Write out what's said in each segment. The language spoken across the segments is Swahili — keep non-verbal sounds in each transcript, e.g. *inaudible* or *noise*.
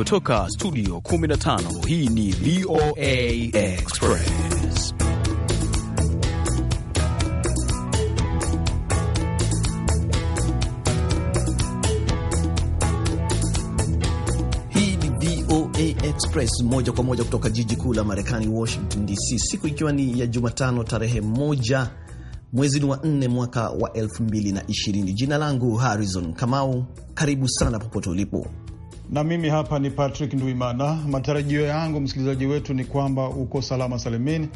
kutoka studio 15 hii ni voa express hii ni voa express moja kwa moja kutoka jiji kuu la marekani washington dc siku ikiwa ni ya jumatano tarehe moja mwezi ni wa nne mwaka wa 2020 jina langu harrison kamau karibu sana popote ulipo na mimi hapa ni Patrick Ndwimana. Matarajio yangu msikilizaji wetu ni kwamba uko salama salimini.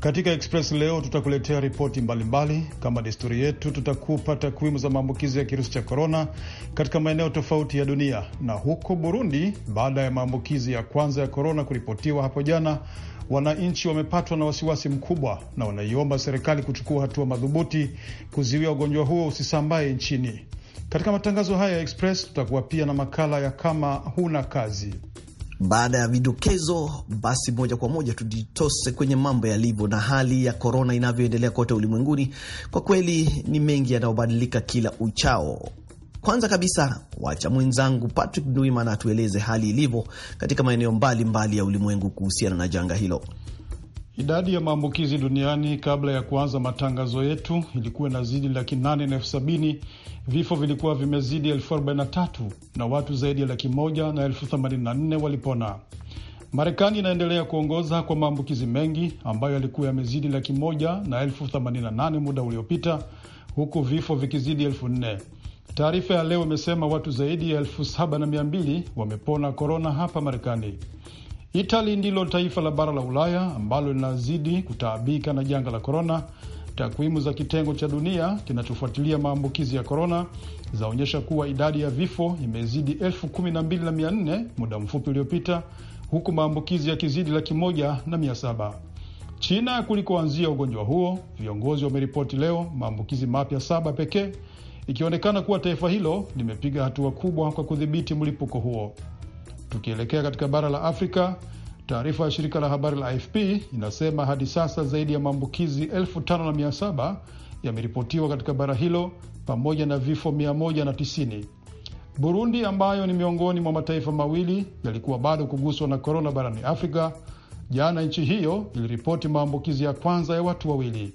Katika Express leo tutakuletea ripoti mbalimbali. Kama desturi yetu, tutakupa takwimu za maambukizi ya kirusi cha korona katika maeneo tofauti ya dunia. Na huko Burundi, baada ya maambukizi ya kwanza ya korona kuripotiwa hapo jana, wananchi wamepatwa na wasiwasi mkubwa na wanaiomba serikali kuchukua hatua madhubuti kuziwia ugonjwa huo usisambae nchini. Katika matangazo haya ya Express tutakuwa pia na makala ya kama huna kazi. Baada ya vidokezo, basi moja kwa moja tujitose kwenye mambo yalivyo na hali ya korona inavyoendelea kote ulimwenguni. Kwa kweli ni mengi yanayobadilika kila uchao. Kwanza kabisa, wacha mwenzangu Patrick Duimana atueleze hali ilivyo katika maeneo mbalimbali ya ulimwengu kuhusiana na janga hilo. Idadi ya maambukizi duniani kabla ya kuanza matangazo yetu ilikuwa inazidi laki nane na elfu sabini. Vifo vilikuwa vimezidi elfu arobaini na tatu na watu zaidi ya laki moja na elfu themanini na nne walipona. Marekani inaendelea kuongoza kwa maambukizi mengi ambayo yalikuwa yamezidi laki moja na elfu themanini na nane muda uliopita, huku vifo vikizidi elfu nne. Taarifa ya leo imesema watu zaidi ya elfu saba na mia mbili wamepona korona hapa Marekani. Itali ndilo taifa la bara la Ulaya ambalo linazidi kutaabika na janga la korona. Takwimu za kitengo cha dunia kinachofuatilia maambukizi ya korona zaonyesha kuwa idadi ya vifo imezidi elfu kumi na mbili na mia nne muda mfupi uliopita, huku maambukizi yakizidi laki moja na mia saba. China kulikoanzia ugonjwa huo, viongozi wameripoti leo maambukizi mapya saba pekee, ikionekana kuwa taifa hilo limepiga hatua kubwa kwa kudhibiti mlipuko huo. Tukielekea katika bara la Afrika, taarifa ya shirika la habari la AFP inasema hadi sasa zaidi ya maambukizi 57 yameripotiwa katika bara hilo pamoja na vifo 190. Burundi ambayo ni miongoni mwa mataifa mawili yalikuwa bado kuguswa na korona barani Afrika, jana nchi hiyo iliripoti maambukizi ya kwanza ya watu wawili,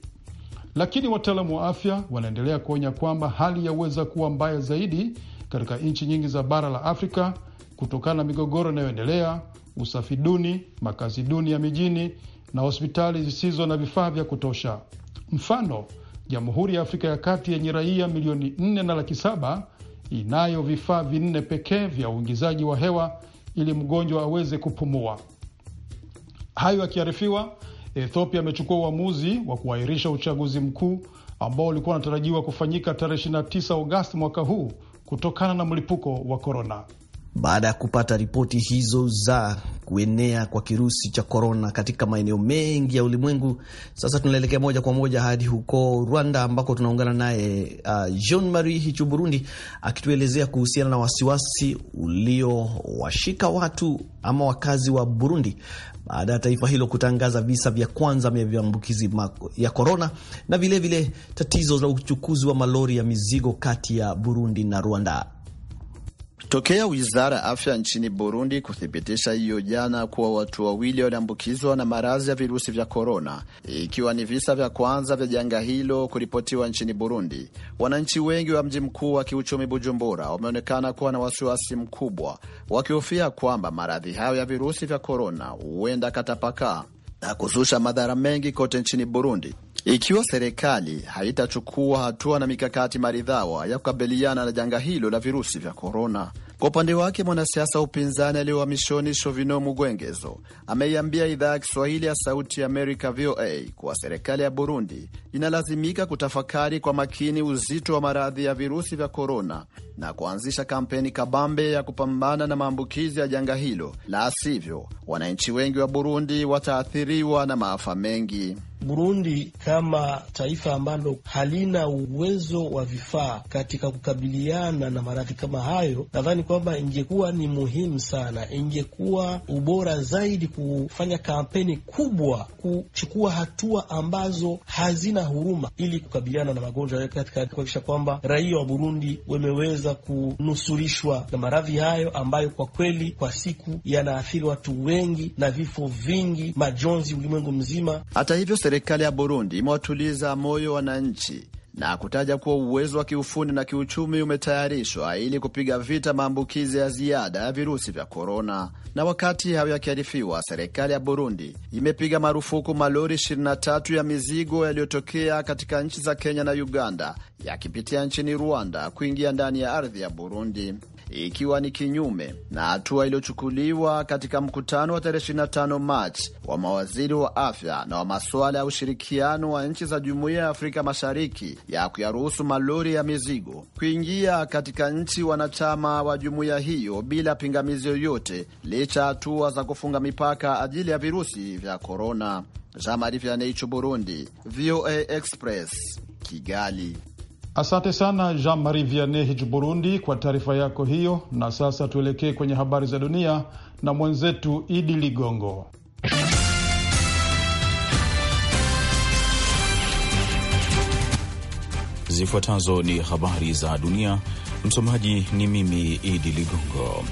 lakini wataalamu wa afya wanaendelea kuonya kwamba hali yaweza kuwa mbaya zaidi katika nchi nyingi za bara la Afrika kutokana na migogoro inayoendelea, usafi duni, makazi duni ya mijini na hospitali zisizo na vifaa vya kutosha. Mfano, Jamhuri ya Afrika ya Kati yenye raia milioni nne na laki saba inayo vifaa vinne pekee vya uingizaji wa hewa ili mgonjwa aweze kupumua. Hayo akiarifiwa, Ethiopia amechukua uamuzi wa kuahirisha uchaguzi mkuu ambao ulikuwa unatarajiwa kufanyika tarehe 29 Agosti mwaka huu kutokana na mlipuko wa korona baada ya kupata ripoti hizo za kuenea kwa kirusi cha korona katika maeneo mengi ya ulimwengu. Sasa tunaelekea moja kwa moja hadi huko Rwanda, ambako tunaungana naye uh, Jean Marie Hichu Burundi akituelezea kuhusiana na wasiwasi uliowashika watu ama wakazi wa Burundi baada ya taifa hilo kutangaza visa vya kwanza vya maambukizi ya korona na vilevile tatizo la uchukuzi wa malori ya mizigo kati ya Burundi na Rwanda. Tokea wizara ya afya nchini Burundi kuthibitisha hiyo jana kuwa watu wawili waliambukizwa na maradhi ya virusi vya korona, ikiwa ni visa vya kwanza vya janga hilo kuripotiwa nchini Burundi, wananchi wengi wa mji mkuu wa kiuchumi Bujumbura wameonekana kuwa na wasiwasi mkubwa, wakihofia kwamba maradhi hayo ya virusi vya korona huenda katapakaa na kususha madhara mengi kote nchini Burundi ikiwa serikali haitachukua hatua na mikakati maridhawa ya kukabiliana na janga hilo la virusi vya korona. Kwa upande wake mwanasiasa wa upinzani aliye uhamishoni Shovino Mugwengezo ameiambia idhaa ya Kiswahili ya Sauti Amerika VOA kuwa serikali ya Burundi inalazimika kutafakari kwa makini uzito wa maradhi ya virusi vya korona na kuanzisha kampeni kabambe ya kupambana na maambukizi ya janga hilo, la sivyo wananchi wengi wa Burundi wataathiriwa na maafa mengi. Burundi kama taifa ambalo halina uwezo wa vifaa katika kukabiliana na maradhi kama hayo, nadhani kwamba ingekuwa ni muhimu sana, ingekuwa ubora zaidi kufanya kampeni kubwa, kuchukua hatua ambazo hazina huruma ili kukabiliana na magonjwa hayo, katika kuhakikisha kwamba raia wa Burundi wameweza kunusurishwa na maradhi hayo ambayo kwa kweli kwa siku yanaathiri watu wengi na vifo vingi, majonzi ulimwengu mzima. Hata hivyo serikali ya Burundi imewatuliza moyo wananchi na kutaja kuwa uwezo wa kiufundi na kiuchumi umetayarishwa ili kupiga vita maambukizi ya ziada ya virusi vya korona. Na wakati hayo yakiarifiwa, serikali ya Burundi imepiga marufuku malori 23 ya mizigo yaliyotokea katika nchi za Kenya na Uganda yakipitia nchini Rwanda kuingia ndani ya ardhi ya Burundi ikiwa ni kinyume na hatua iliyochukuliwa katika mkutano wa tarehe 25 Machi wa mawaziri wa afya na wa masuala ya ushirikiano wa nchi za Jumuiya ya Afrika Mashariki ya kuyaruhusu malori ya mizigo kuingia katika nchi wanachama wa jumuiya hiyo bila pingamizi yoyote, licha ya hatua za kufunga mipaka ajili ya virusi vya korona. Jean Marie Vianney, Burundi, VOA Express, Kigali. Asante sana Jean Marie Vianney Hich Burundi kwa taarifa yako hiyo. Na sasa tuelekee kwenye habari za dunia na mwenzetu Idi Ligongo. Zifuatazo ni habari za dunia. Msomaji ni mimi Idi Ligongo.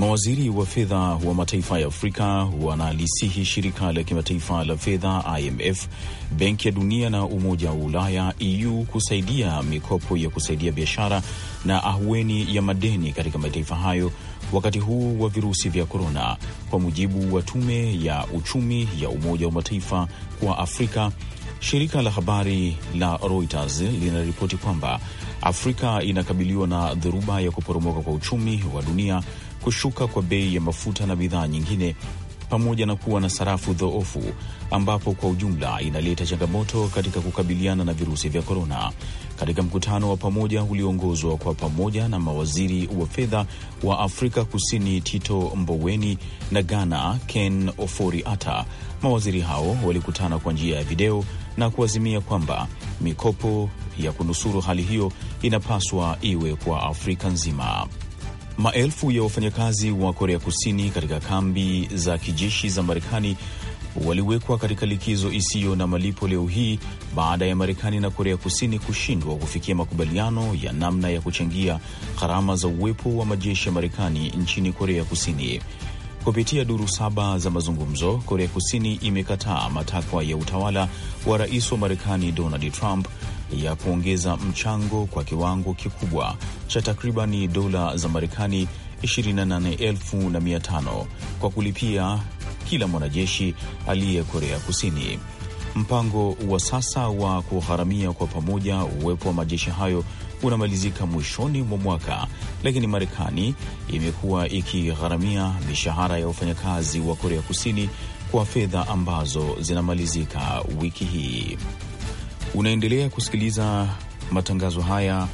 Mawaziri wa fedha wa mataifa ya Afrika wanalisihi shirika la kimataifa la fedha IMF, Benki ya Dunia na Umoja wa Ulaya EU kusaidia mikopo ya kusaidia biashara na ahueni ya madeni katika mataifa hayo wakati huu wa virusi vya korona, kwa mujibu wa Tume ya Uchumi ya Umoja wa Mataifa kwa Afrika. Shirika la habari la Reuters linaripoti kwamba Afrika inakabiliwa na dhoruba ya kuporomoka kwa uchumi wa dunia kushuka kwa bei ya mafuta na bidhaa nyingine, pamoja na kuwa na sarafu dhoofu, ambapo kwa ujumla inaleta changamoto katika kukabiliana na virusi vya korona. Katika mkutano wa pamoja ulioongozwa kwa pamoja na mawaziri wa fedha wa Afrika Kusini Tito Mboweni na Ghana Ken Ofori Atta, mawaziri hao walikutana kwa njia ya video na kuazimia kwamba mikopo ya kunusuru hali hiyo inapaswa iwe kwa Afrika nzima. Maelfu ya wafanyakazi wa Korea Kusini katika kambi za kijeshi za Marekani waliwekwa katika likizo isiyo na malipo leo hii baada ya Marekani na Korea Kusini kushindwa kufikia makubaliano ya namna ya kuchangia gharama za uwepo wa majeshi ya Marekani nchini Korea Kusini. Kupitia duru saba za mazungumzo, Korea Kusini imekataa matakwa ya utawala wa rais wa Marekani Donald Trump ya kuongeza mchango kwa kiwango kikubwa cha takribani dola za Marekani 28,500 kwa kulipia kila mwanajeshi aliye Korea Kusini. Mpango wa sasa wa kugharamia kwa pamoja uwepo wa majeshi hayo unamalizika mwishoni mwa mwaka, lakini Marekani imekuwa ikigharamia mishahara ya wafanyakazi wa Korea Kusini kwa fedha ambazo zinamalizika wiki hii. Unaendelea kusikiliza matangazo haya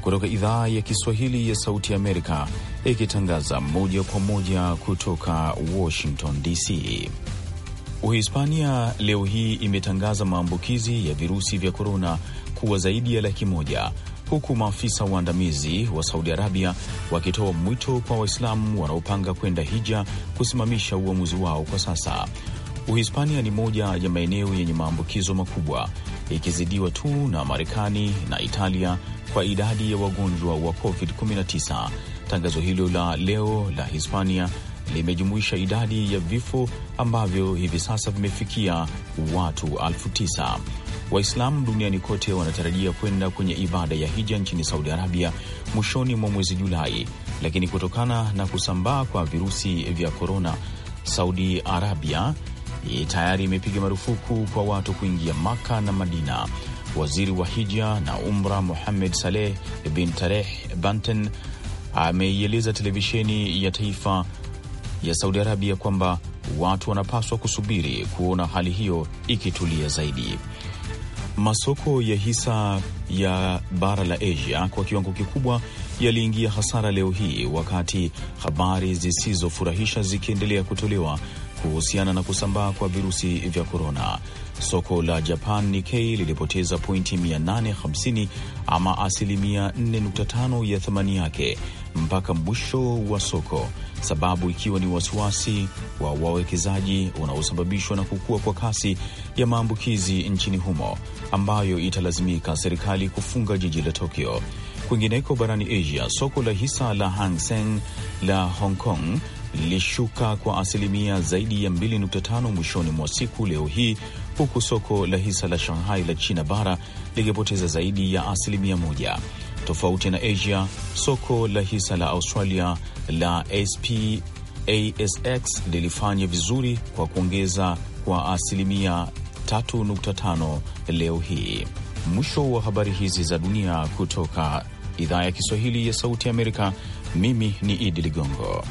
kutoka idhaa ya Kiswahili ya Sauti Amerika ikitangaza moja kwa moja kutoka Washington DC. Uhispania leo hii imetangaza maambukizi ya virusi vya korona kuwa zaidi ya laki moja huku maafisa waandamizi wa Saudi Arabia wakitoa mwito kwa Waislamu wanaopanga kwenda hija kusimamisha uamuzi wao kwa sasa. Uhispania ni moja ya maeneo yenye maambukizo makubwa ikizidiwa tu na Marekani na Italia kwa idadi ya wagonjwa wa COVID-19. Tangazo hilo la leo la Hispania limejumuisha idadi ya vifo ambavyo hivi sasa vimefikia watu 9 tisa. Waislamu duniani kote wanatarajia kwenda kwenye ibada ya hija nchini Saudi Arabia mwishoni mwa mwezi Julai, lakini kutokana na kusambaa kwa virusi vya korona, Saudi Arabia E, tayari imepiga marufuku kwa watu kuingia Maka na Madina. Waziri wa hija na umra muhamed Saleh bin Tareh Banten ameieleza televisheni ya taifa ya Saudi Arabia kwamba watu wanapaswa kusubiri kuona hali hiyo ikitulia zaidi. Masoko ya hisa ya bara la Asia kwa kiwango kikubwa yaliingia hasara leo hii wakati habari zisizofurahisha zikiendelea kutolewa kuhusiana na kusambaa kwa virusi vya korona. Soko la Japan Nikkei lilipoteza pointi 850 ama asilimia 4.5 ya thamani yake mpaka mwisho wa soko, sababu ikiwa ni wasiwasi wa wawekezaji unaosababishwa na kukua kwa kasi ya maambukizi nchini humo, ambayo italazimika serikali kufunga jiji la Tokyo. Kwingineko barani Asia, soko la hisa la Hang Seng la Hong Kong lilishuka kwa asilimia zaidi ya 2.5 mwishoni mwa siku leo hii, huku soko la hisa la Shanghai la China bara likipoteza zaidi ya asilimia moja. Tofauti na Asia, soko la hisa la Australia la SPASX lilifanya vizuri kwa kuongeza kwa asilimia 3.5 leo hii. Mwisho wa habari hizi za dunia kutoka idhaa ya Kiswahili ya Sauti ya Amerika. Mimi ni Idi Ligongo.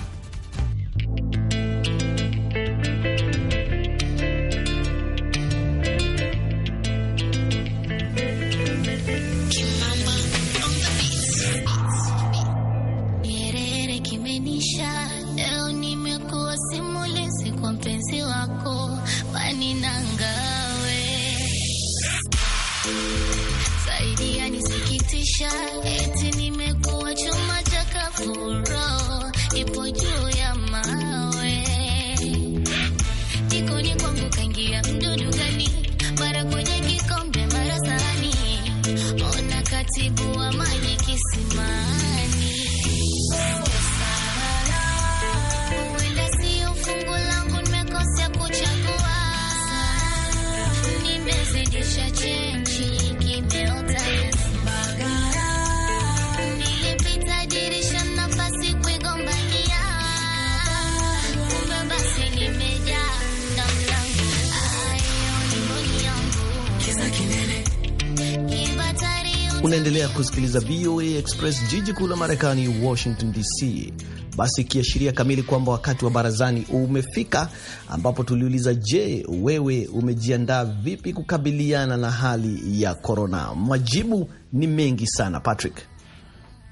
Unaendelea kusikiliza VOA Express, jiji kuu la Marekani, Washington DC. Basi ikiashiria kamili kwamba wakati wa barazani umefika, ambapo tuliuliza, je, wewe umejiandaa vipi kukabiliana na hali ya korona? Majibu ni mengi sana. Patrick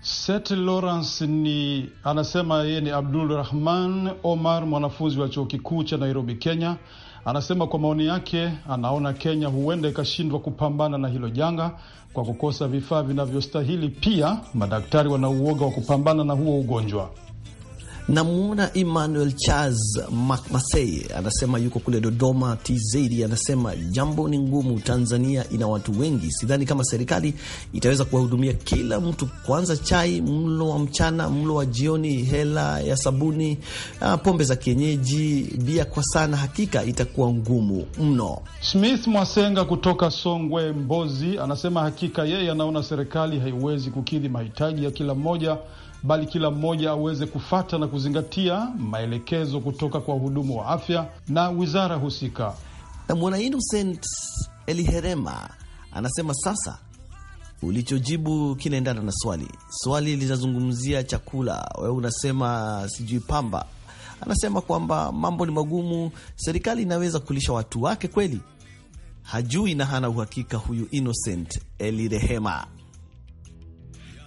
Set Lawrence ni anasema yeye ni Abdul Rahman Omar, mwanafunzi wa chuo kikuu cha Nairobi, Kenya Anasema kwa maoni yake, anaona Kenya huenda ikashindwa kupambana na hilo janga kwa kukosa vifaa vinavyostahili. Pia madaktari wana uoga wa kupambana na huo ugonjwa. Namwona Emmanuel Charles Macmasey anasema yuko kule Dodoma TZ, anasema jambo ni ngumu. Tanzania ina watu wengi, sidhani kama serikali itaweza kuwahudumia kila mtu. Kwanza chai, mlo wa mchana, mlo wa jioni, hela ya sabuni, ah, pombe za kienyeji, bia kwa sana, hakika itakuwa ngumu mno. Smith Mwasenga kutoka Songwe Mbozi anasema hakika yeye anaona serikali haiwezi kukidhi mahitaji ya kila mmoja bali kila mmoja aweze kufata na kuzingatia maelekezo kutoka kwa wahudumu wa afya na wizara husika. Na Mwana Innocent Eliherema anasema sasa ulichojibu kinaendana na swali. Swali linazungumzia chakula, wewe unasema sijui pamba. Anasema kwamba mambo ni magumu, serikali inaweza kulisha watu wake kweli? Hajui na hana uhakika huyu Innocent Elirehema.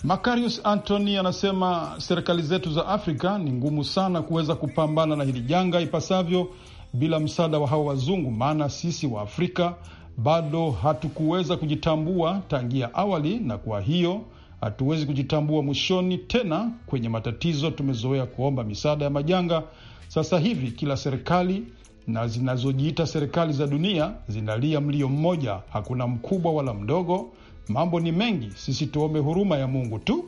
Makarius Antony anasema serikali zetu za Afrika ni ngumu sana kuweza kupambana na hili janga ipasavyo bila msaada wa hawa wazungu, maana sisi wa Afrika bado hatukuweza kujitambua tangia awali, na kwa hiyo hatuwezi kujitambua mwishoni tena kwenye matatizo. Tumezoea kuomba misaada ya majanga. Sasa hivi kila serikali na zinazojiita serikali za dunia zinalia mlio mmoja, hakuna mkubwa wala mdogo Mambo ni mengi, sisi tuombe huruma ya Mungu tu.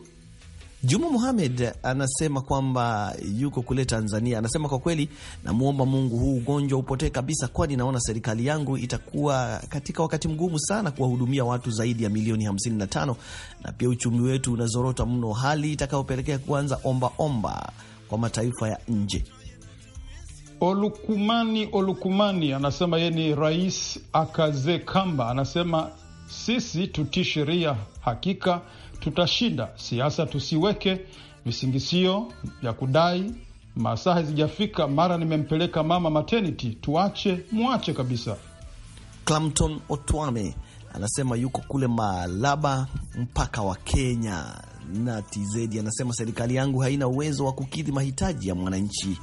Juma Muhamed anasema kwamba yuko kule Tanzania. Anasema kwa kweli, namwomba Mungu huu ugonjwa upotee kabisa, kwani naona serikali yangu itakuwa katika wakati mgumu sana kuwahudumia watu zaidi ya milioni 55, na pia uchumi wetu unazorota mno, hali itakayopelekea kuanza ombaomba kwa mataifa ya nje. Olukumani Olukumani anasema yeye ni Rais Akaze Kamba, anasema sisi tutii sheria, hakika tutashinda. Siasa tusiweke visingisio vya kudai masaa hazijafika, mara nimempeleka mama maternity. Tuache, mwache kabisa. Clamton Otwame anasema yuko kule Malaba, mpaka wa Kenya na TZ anasema serikali yangu haina uwezo wa kukidhi mahitaji ya mwananchi,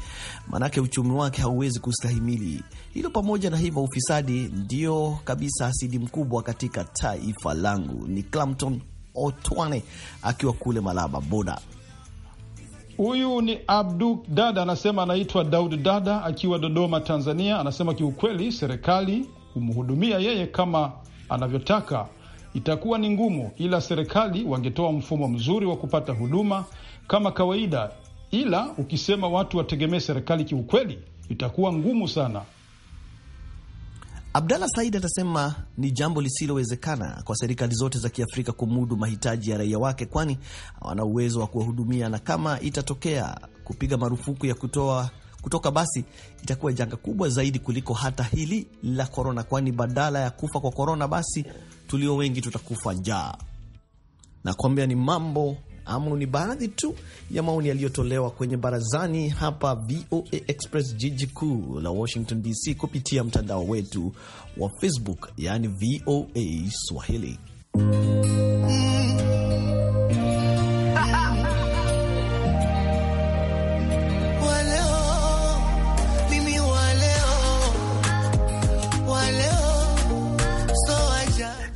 maanake uchumi wake hauwezi kustahimili hilo. Pamoja na hivyo, ufisadi ndio kabisa asidi mkubwa katika taifa langu. Ni Clamton Otwane akiwa kule Malaba Boda. Huyu ni Abdu Dada, anasema anaitwa Daud Dada akiwa Dodoma, Tanzania. Anasema kiukweli serikali humhudumia yeye kama anavyotaka Itakuwa ni ngumu, ila serikali wangetoa mfumo mzuri wa kupata huduma kama kawaida, ila ukisema watu wategemee serikali, kiukweli itakuwa ngumu sana. Abdallah Said atasema ni jambo lisilowezekana kwa serikali zote za Kiafrika kumudu mahitaji ya raia wake, kwani hawana uwezo wa kuwahudumia, na kama itatokea kupiga marufuku ya kutoa kutoka, basi itakuwa janga kubwa zaidi kuliko hata hili la korona, kwani badala ya kufa kwa korona, basi tulio wengi tutakufa njaa. Nakwambia ni mambo ama ni baadhi tu ya maoni yaliyotolewa kwenye barazani hapa VOA Express, jiji kuu la Washington DC, kupitia mtandao wetu wa Facebook, yaani VOA Swahili mm.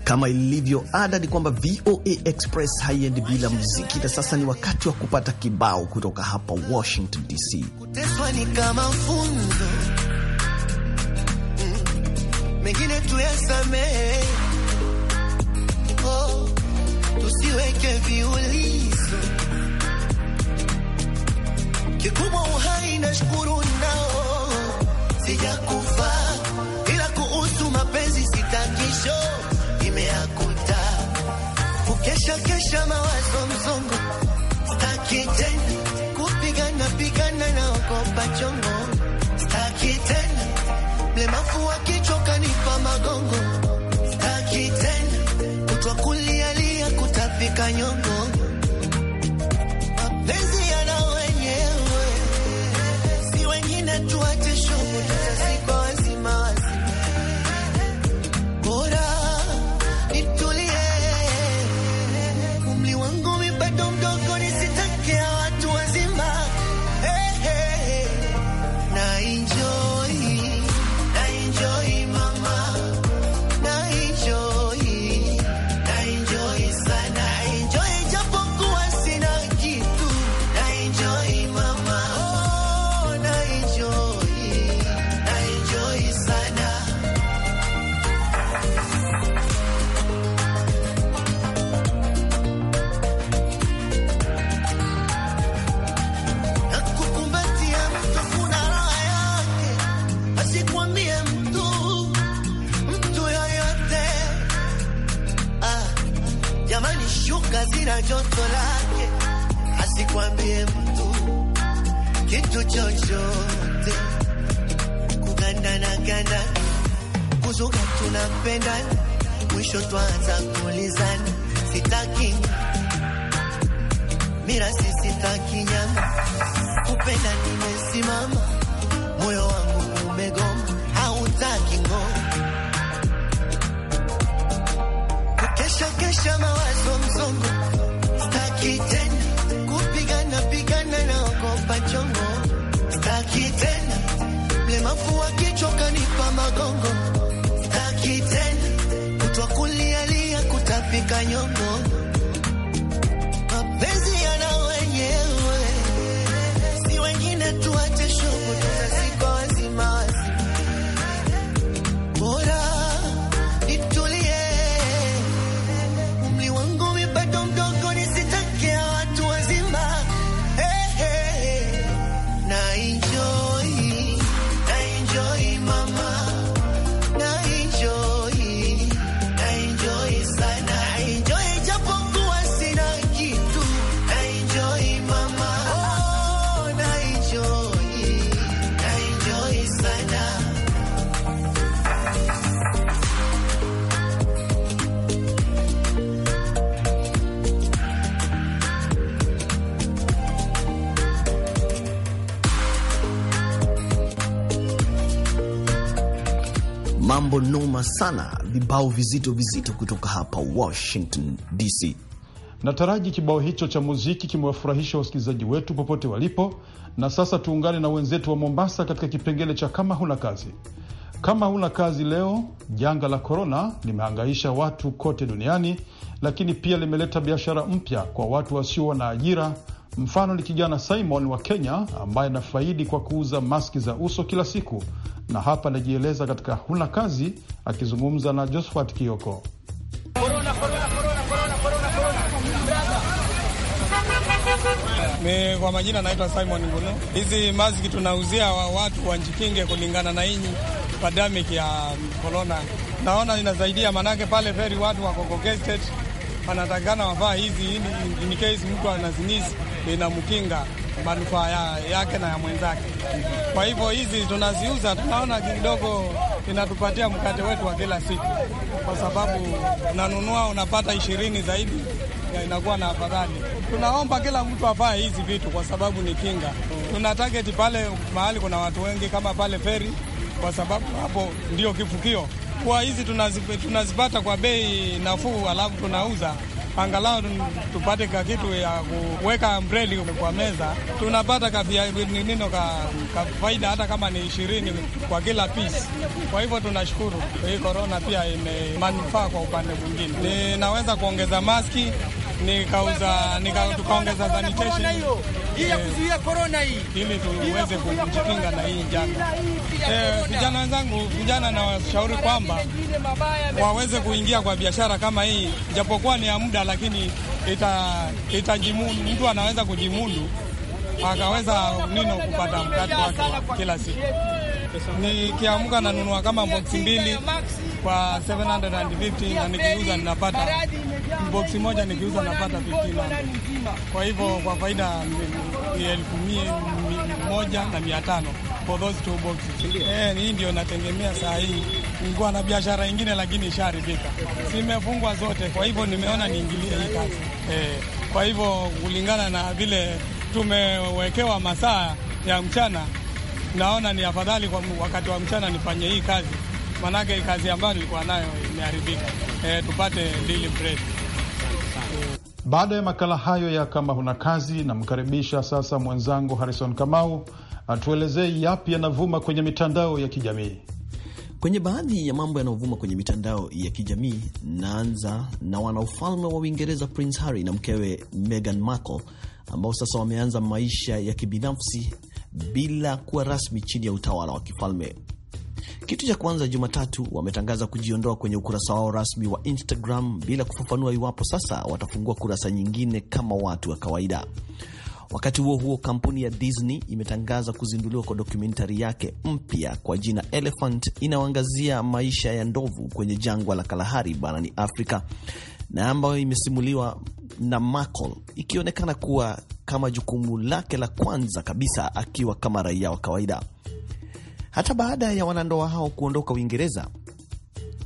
Kama ilivyo ada, ni kwamba VOA Express haiendi bila muziki, na sasa ni wakati wa kupata kibao kutoka hapa Washington DC. Kuteswa ni kama funzo, mm. mengine tuyasamehe, oh, tusiweke viulizo. Kikubwa uhai, na shukuru nao sijakufa kuchekesha mawazo msongo, staki tena kupigana pigana na okopa chongo, staki tena mlemavu wa kichwa magongo, staki tena kutwa kulialia kutafika nyongo Tuka tunapendana, mwisho twanza kulizana. Sitaki mirasi, sitaki nyama, kupenda nimesimama, moyo wangu umegoma, hautaki ngo kukesha kesha, mawazo mzongo, sitaki tena kupigana pigana, na okopa chongo, sitaki tena mlemafu wakichoka nipa magongo amor vema sana vibao vizito vizito kutoka hapa Washington DC. Nataraji kibao hicho cha muziki kimewafurahisha wasikilizaji wetu popote walipo, na sasa tuungane na wenzetu wa Mombasa katika kipengele cha kama huna kazi. Kama huna kazi leo, janga la korona limehangaisha watu kote duniani, lakini pia limeleta biashara mpya kwa watu wasio na ajira Mfano ni kijana Simon wa Kenya ambaye anafaidi kwa kuuza maski za uso kila siku, na hapa anajieleza katika huna kazi, akizungumza na Josphat Kioko. Mi kwa majina naitwa Simon gunu Hizi maski tunauzia wa watu wanjikinge kulingana na inyi pandemic ya korona. Naona inasaidia, manake pale feri watu wako congested anatakikana wavaa hivi, ili in case mtu anazinizi inamkinga manufaa yake na ya mwenzake. Kwa hivyo hizi tunaziuza, tunaona kidogo inatupatia mkate wetu wa kila siku, kwa sababu unanunua unapata ishirini zaidi ya inakuwa na afadhali. Tunaomba kila mtu avae hizi vitu kwa sababu ni kinga. Tuna target pale mahali kuna watu wengi kama pale feri, kwa sababu hapo ndio kivukio kuwa hizi tunazipata kwa bei nafuu, alafu tunauza angalau tupate ka kitu ya kuweka mbredi kwa meza, tunapata ninino ka, ka faida hata kama ni ishirini kwa kila pisi. Kwa hivyo tunashukuru hii korona pia imemanufaa kwa upande mwingine, ninaweza kuongeza maski nikauza nika tukaongeza sanitation hii ya kuzuia corona hii, ili tuweze kujikinga na hii njanga. Vijana wenzangu, vijana na washauri kwamba waweze kuingia kwa biashara kama hii, japokuwa ni ya muda, lakini ita itajimundu mtu anaweza kujimundu akaweza nino kupata mkate wake kila siku nikiamka nanunua kama boksi mbili kwa 750 na nikiuza ninapata boksi moja, nikiuza napata 1500. Kwa hivyo kwa faida ni elfu moja na mia tano for those two boxes. Eh, hii ndio nategemea saa hii. Nilikuwa na biashara ingine lakini isharibika, zimefungwa zote, kwa hivyo nimeona niingilie hii kazi eh. Kwa hivyo kulingana na vile tumewekewa masaa ya mchana naona ni afadhali kwa wakati wa mchana nifanye hii kazi, maanake kazi ambayo nilikuwa nayo imeharibika. E, tupate dili mrefu. Baada ya makala hayo ya kama huna kazi, namkaribisha sasa mwenzangu Harison Kamau atuelezee yapi yanavuma kwenye mitandao ya kijamii. Kwenye baadhi ya mambo yanayovuma kwenye mitandao ya kijamii, naanza na wanaufalme wa Uingereza Prince Harry na mkewe Meghan Markle ambao sasa wameanza maisha ya kibinafsi bila kuwa rasmi chini ya utawala wa kifalme. Kitu cha kwanza, Jumatatu wametangaza kujiondoa kwenye ukurasa wao rasmi wa Instagram bila kufafanua iwapo sasa watafungua kurasa nyingine kama watu wa kawaida. Wakati huo huo, kampuni ya Disney imetangaza kuzinduliwa kwa dokumentari yake mpya kwa jina Elephant, inayoangazia maisha ya ndovu kwenye jangwa la Kalahari barani Afrika na ambayo imesimuliwa na Merkel ikionekana kuwa kama jukumu lake la kwanza kabisa akiwa kama raia wa kawaida. Hata baada ya wanandoa hao kuondoka Uingereza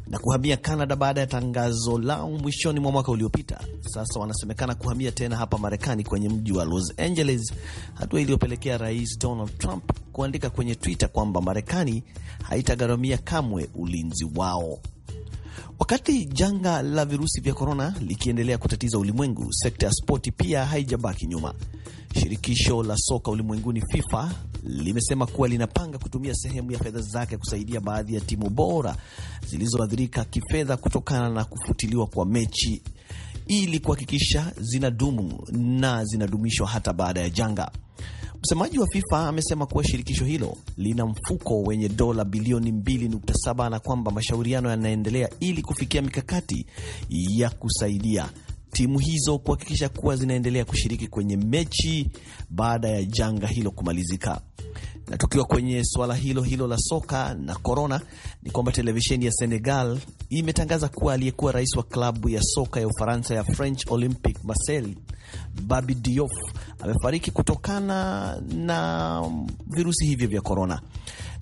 na kuhamia Kanada baada ya tangazo lao mwishoni mwa mwaka uliopita, sasa wanasemekana kuhamia tena hapa Marekani kwenye mji wa Los Angeles, hatua iliyopelekea Rais Donald Trump kuandika kwenye Twitter kwamba Marekani haitagharamia kamwe ulinzi wao. Wakati janga la virusi vya korona likiendelea kutatiza ulimwengu, sekta ya spoti pia haijabaki nyuma. Shirikisho la soka ulimwenguni FIFA limesema kuwa linapanga kutumia sehemu ya fedha zake kusaidia baadhi ya timu bora zilizoathirika kifedha kutokana na kufutiliwa kwa mechi ili kuhakikisha zinadumu na zinadumishwa hata baada ya janga. Msemaji wa FIFA amesema kuwa shirikisho hilo lina mfuko wenye dola bilioni 2.7 na kwamba mashauriano yanaendelea ili kufikia mikakati ya kusaidia timu hizo kuhakikisha kuwa zinaendelea kushiriki kwenye mechi baada ya janga hilo kumalizika. Na tukiwa kwenye suala hilo hilo la soka na korona, ni kwamba televisheni ya Senegal imetangaza kuwa aliyekuwa rais wa klabu ya soka ya Ufaransa ya French Olympic Marcel Babi Diouf amefariki kutokana na virusi hivyo vya korona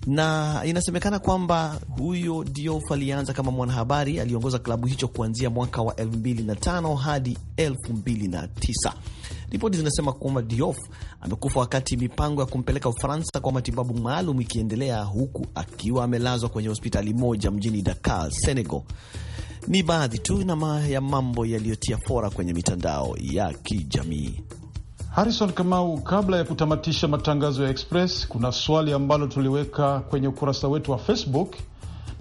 na inasemekana kwamba huyo Diouf alianza kama mwanahabari, aliongoza klabu hicho kuanzia mwaka wa 2005 hadi 2009. Ripoti zinasema kwamba Diouf amekufa wakati mipango ya kumpeleka Ufaransa kwa matibabu maalum ikiendelea, huku akiwa amelazwa kwenye hospitali moja mjini Dakar, Senegal. Ni baadhi tu na ya mambo yaliyotia fora kwenye mitandao ya kijamii. Harrison Kamau, kabla ya kutamatisha matangazo ya Express, kuna swali ambalo tuliweka kwenye ukurasa wetu wa Facebook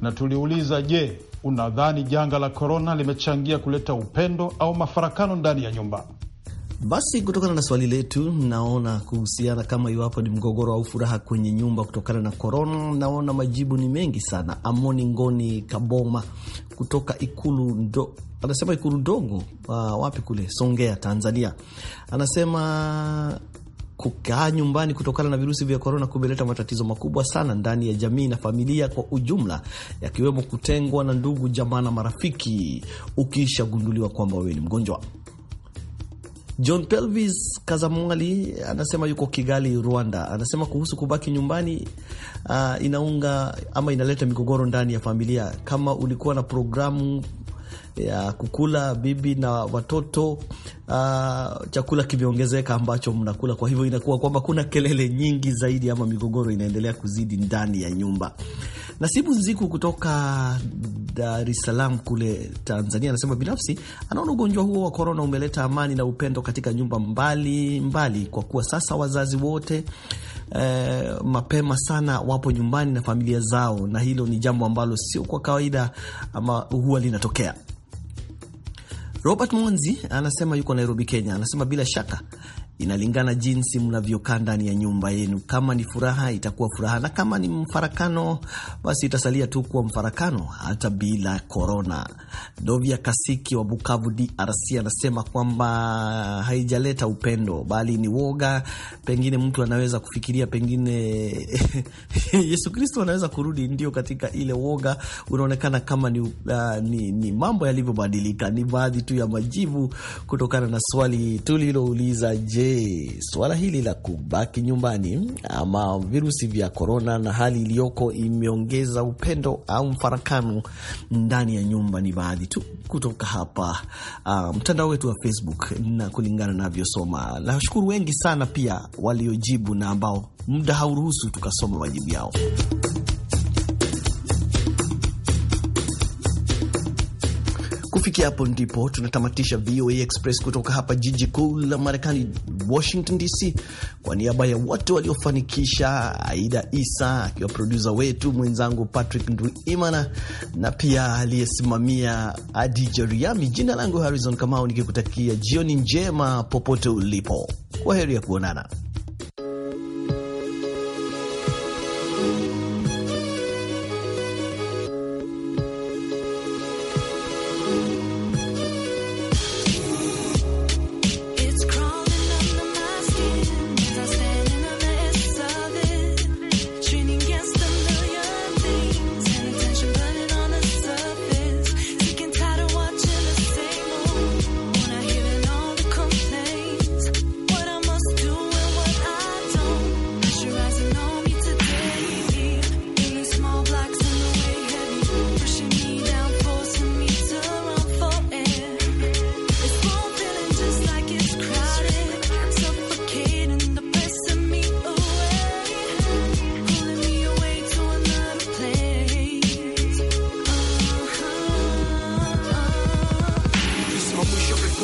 na tuliuliza, je, unadhani janga la korona limechangia kuleta upendo au mafarakano ndani ya nyumba? Basi kutokana na swali letu, naona kuhusiana kama iwapo ni mgogoro au furaha kwenye nyumba kutokana na korona, naona majibu ni mengi sana. Amoni Ngoni Kaboma kutoka Ikulu ndo anasema Ikulu ndogo ah, wapi kule Songea, Tanzania, anasema kukaa nyumbani kutokana na virusi vya korona kumeleta matatizo makubwa sana ndani ya jamii na familia kwa ujumla, yakiwemo kutengwa na ndugu, jamaa na marafiki, ukishagunduliwa kwamba wewe ni mgonjwa. John Pelvis Kazamwali anasema yuko Kigali, Rwanda. Anasema kuhusu kubaki nyumbani uh, inaunga ama inaleta migogoro ndani ya familia. Kama ulikuwa na programu ya kukula bibi na watoto uh, chakula kimeongezeka ambacho mnakula. Kwa hivyo inakuwa kwamba kuna kelele nyingi zaidi, ama migogoro inaendelea kuzidi ndani ya nyumba. Nasibu Nziku kutoka Dar es Salaam kule Tanzania anasema binafsi anaona ugonjwa huo wa korona umeleta amani na upendo katika nyumba mbali mbali, kwa kuwa sasa wazazi wote eh, mapema sana wapo nyumbani na familia zao, na hilo ni jambo ambalo sio kwa kawaida ama huwa linatokea. Robert Mwanzi anasema yuko Nairobi, Kenya. Anasema bila shaka Inalingana jinsi mnavyokaa ndani ya nyumba yenu. Kama ni furaha, itakuwa furaha, na kama ni mfarakano, basi itasalia tu kuwa mfarakano, hata bila korona. Dovya Kasiki wa Bukavu, DRC, anasema kwamba haijaleta upendo, bali ni woga. Pengine mtu anaweza kufikiria pengine *laughs* Yesu Kristo anaweza kurudi, ndio katika ile woga unaonekana kama ni, uh, ni, ni mambo yalivyobadilika. Ni baadhi tu ya majibu kutokana na swali tulilouliza, je swala hili la kubaki nyumbani ama virusi vya korona na hali iliyoko imeongeza upendo au mfarakano ndani ya nyumba? Ni baadhi tu kutoka hapa uh, mtandao um, wetu wa Facebook na kulingana navyosoma. Nashukuru wengi sana pia waliojibu na ambao muda hauruhusu tukasoma majibu yao. Kufikia hapo ndipo tunatamatisha VOA Express kutoka hapa jiji kuu la Marekani, Washington DC. Kwa niaba ya wote waliofanikisha, Aida Isa akiwa produsa wetu, mwenzangu Patrick Nduimana na pia aliyesimamia adi jeriami jina langu Harrison Kamau nikikutakia jioni njema popote ulipo. Kwa heri ya kuonana.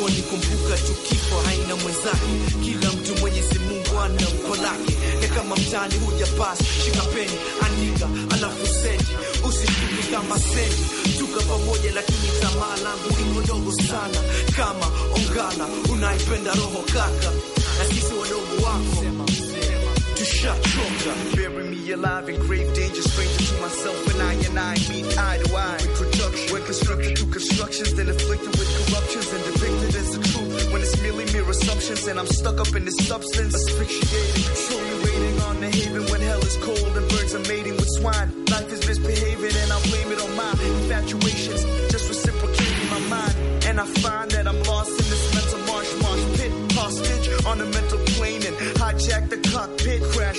wanikumbuka tukifo haina mwenzake, kila mtu Mwenyezi Mungu ana mko lake. Na kama mtani huja pasi, shika peni, andika alafu sendi, usitupi kama sendi, tuka pamoja, lakini tamaa langu iko ndogo sana kama ongala. Unaipenda roho kaka, na sisi wadogo wako shut your Bury me alive in grave danger, stranger to myself and I and I meet eye to eye. Reproduction, when constructed through constructions, then afflicted with corruptions and depicted as the truth. When it's merely mere assumptions and I'm stuck up in this substance, asphyxiated, slowly waiting on the haven when hell is cold and birds are mating with swine. Life is misbehaving and I blame it on my infatuations, just reciprocating my mind. And I find that I'm lost in this mental marsh, marsh pit, hostage on a mental plane and hijack the clock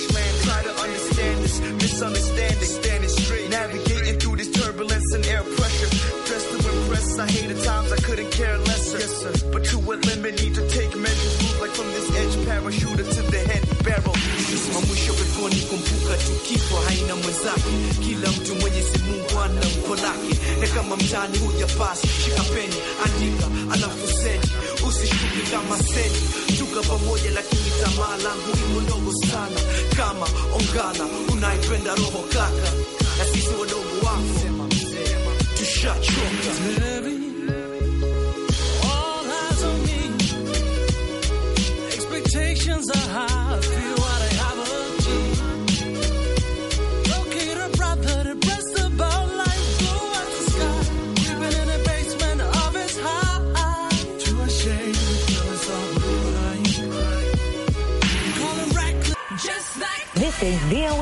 Black man, try to understand this misunderstanding. Standing straight, navigating through this turbulence and air pressure. Dressed to impress, I hated times I couldn't care less. Yes, sir. But to a limit, need to take measures. Move like from this edge, parachuter to the head barrel. Simama mwisho wetu ni kumbuka, tukifo haina mwenzake. Kila mtu mwenye si Mungu ana mko lake, na kama mtani hujapasi, shika peni, andika alafu send, usishuke kama send pamoja, lakini tamaa langu ni mdogo sana, kama ongana unaipenda roho kaka, na sisi wadogo wako tushachoka. Expectations are high. el día